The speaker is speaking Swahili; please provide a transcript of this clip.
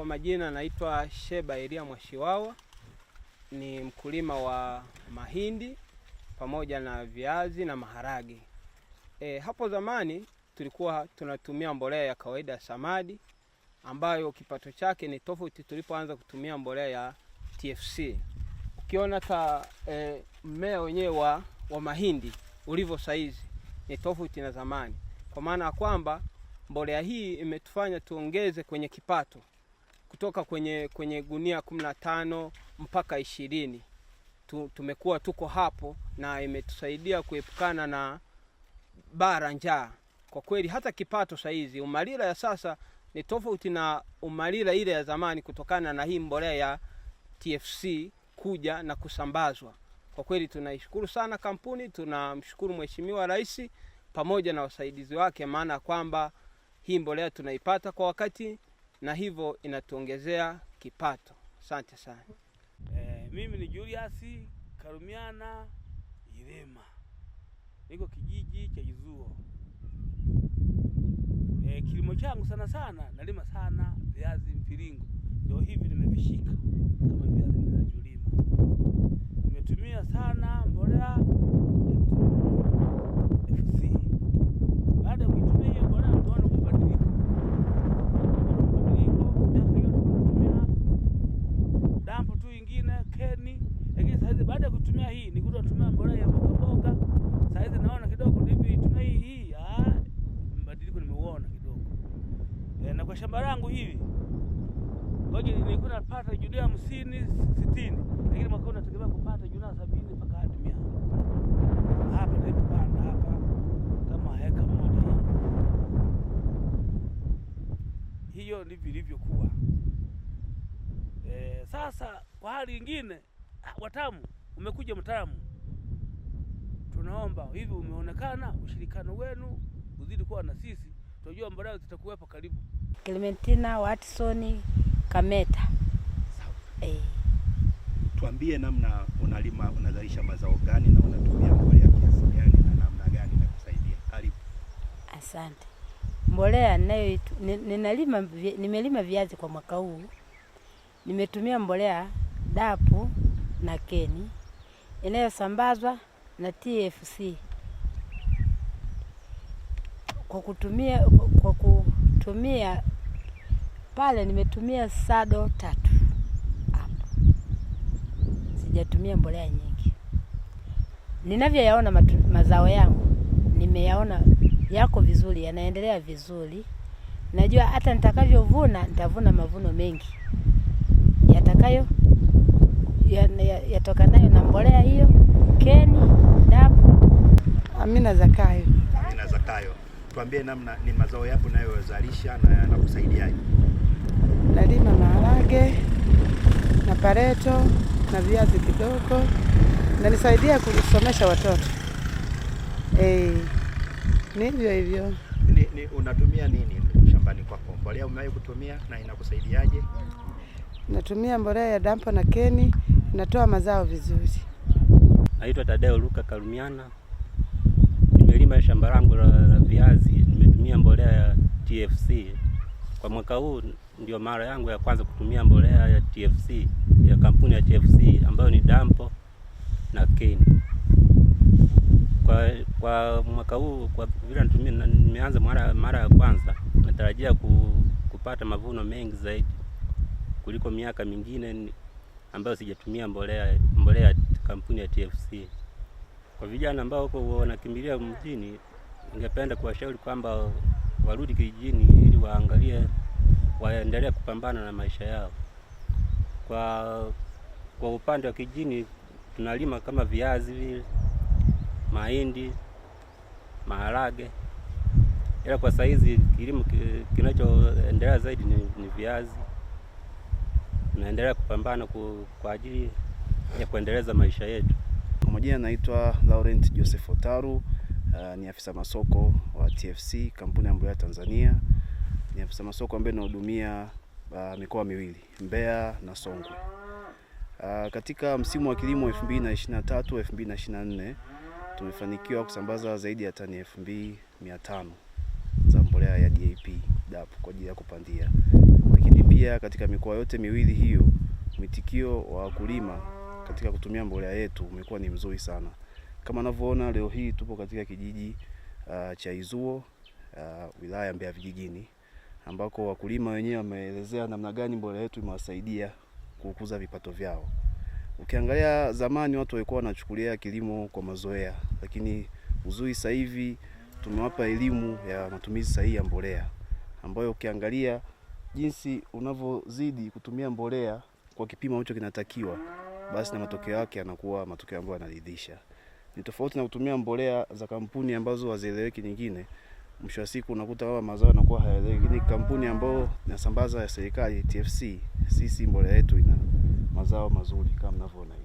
Kwa majina naitwa Sheba Elia Mwashiwawa, ni mkulima wa mahindi pamoja na viazi na maharage. E, hapo zamani tulikuwa tunatumia mbolea ya kawaida ya samadi ambayo kipato chake ni tofauti tulipoanza kutumia mbolea ya TFC. Ukiona ta e, mmea wenyewe wa, wa mahindi ulivyo saizi ni tofauti na zamani, kwa maana ya kwamba mbolea hii imetufanya tuongeze kwenye kipato kutoka kwenye, kwenye gunia kumi na tano mpaka ishirini tumekuwa tuko hapo na imetusaidia kuepukana na bara njaa. Kwa kweli hata kipato sahizi umalila ya sasa ni tofauti na umalila ile ya zamani, kutokana na hii mbolea ya TFC kuja na kusambazwa. Kwa kweli tunaishukuru sana kampuni, tunamshukuru Mheshimiwa Rais pamoja na wasaidizi wake, maana kwamba hii mbolea tunaipata kwa wakati na hivyo inatuongezea kipato. Asante sana. Eh, mimi ni Julius Karumiana Irema, niko kijiji cha Izuo. Eh, kilimo changu sana sana nalima sana viazi mviringo, ndio hivi nimevishika. baada ya kutumia hii ni tumia mbolea ya mboga mboga. Saa hizi naona kidogo hivi tumia hii hii, ah, mabadiliko nimeuona kidogo e, na kwa shamba langu hivi ngoja nilikuwa napata juna 50 60 lakini mwaka huu nategemea kupata juna 70 mpaka hadi mia. Hapa nilipopanda hapa kama heka moja hiyo ndivyo ilivyokuwa. E, sasa kwa hali nyingine ah, watamu Umekuja Mtaalamu, tunaomba hivi, umeonekana ushirikano wenu uzidi kuwa na sisi, tunajua Mbarali zitakuwepo karibu. Clementina Watson Kameta. Eh. Tuambie namna unalima, unazalisha mazao gani na unatumia mbolea kiasi gani na namna gani inakusaidia? Karibu. Asante. Mbolea nayo ninalima, nimelima viazi kwa mwaka huu, nimetumia mbolea dapu na keni inayosambazwa na TFC kwa kutumia, kwa kutumia pale nimetumia sado tatu hapo, sijatumia mbolea nyingi. Ninavyoyaona mazao yangu nimeyaona yako vizuri, yanaendelea vizuri. Najua hata nitakavyovuna nitavuna mavuno mengi yatakayo yatokanayo na mbolea hiyo keni dapu. Amina Zakayo. Amina Zakayo, tuambie namna ni mazao yapo nayozalisha na yanakusaidiaje? Nalima maharage na pareto na viazi kidogo, nanisaidia kusomesha watoto e, ni hivyo hivyo. Ni, ni, unatumia nini shambani kwako? Mbolea umewahi kutumia na inakusaidiaje? Natumia mbolea ya dampo na keni natoa mazao vizuri. Naitwa Tadeo Luka Kalumiana, nimelima shamba langu la, la viazi, nimetumia mbolea ya TFC kwa mwaka huu. Ndio mara yangu ya kwanza kutumia mbolea ya TFC ya kampuni ya TFC ambayo ni dampo na Ken. kwa, kwa mwaka huu kwa vile natumia nimeanza mara mara ya kwanza, natarajia ku, kupata mavuno mengi zaidi kuliko miaka mingine ambayo sijatumia mbolea mbolea ya kampuni ya TFC. Kwa vijana ambao huko wanakimbilia mjini, ningependa kuwashauri kwamba warudi kijijini ili waangalie, waendelee kupambana na maisha yao. Kwa kwa upande wa kijijini tunalima kama viazi vile, mahindi, maharage, ila kwa saizi kilimo kinachoendelea zaidi ni, ni viazi tunaendelea kupambana ku, kwa ajili ya kuendeleza maisha yetu. Kwa majina naitwa Laurent Joseph Otaru, uh, ni afisa masoko wa TFC kampuni ya Mbolea Tanzania. Ni afisa masoko ambaye inahudumia uh, eh, mikoa miwili Mbeya na Songwe. Uh, katika msimu wa kilimo 2023 2024 tumefanikiwa kusambaza zaidi ya tani 2500 za mbolea ya DAP DAP kwa ajili ya kupandia pia katika mikoa yote miwili hiyo mwitikio wa wakulima katika kutumia mbolea yetu umekuwa ni mzuri sana. Kama unavyoona leo hii tupo katika kijiji uh, cha Izuo uh, wilaya ya Mbeya vijijini ambako wakulima wenyewe wameelezea namna gani mbolea yetu imewasaidia kukuza vipato vyao. Ukiangalia zamani watu walikuwa wanachukulia kilimo kwa mazoea, lakini uzuri sasa hivi tumewapa elimu ya matumizi sahihi ya mbolea ambayo ukiangalia jinsi unavyozidi kutumia mbolea kwa kipimo ambacho kinatakiwa, basi na matokeo yake yanakuwa matokeo ambayo yanaridhisha. Ni tofauti na kutumia mbolea za kampuni ambazo hazieleweki nyingine mwisho wa siku unakuta kama mazao yanakuwa hayaeleweki. Lakini kampuni ambayo inasambaza ya serikali TFC, sisi mbolea yetu ina mazao mazuri kama mnavyoona.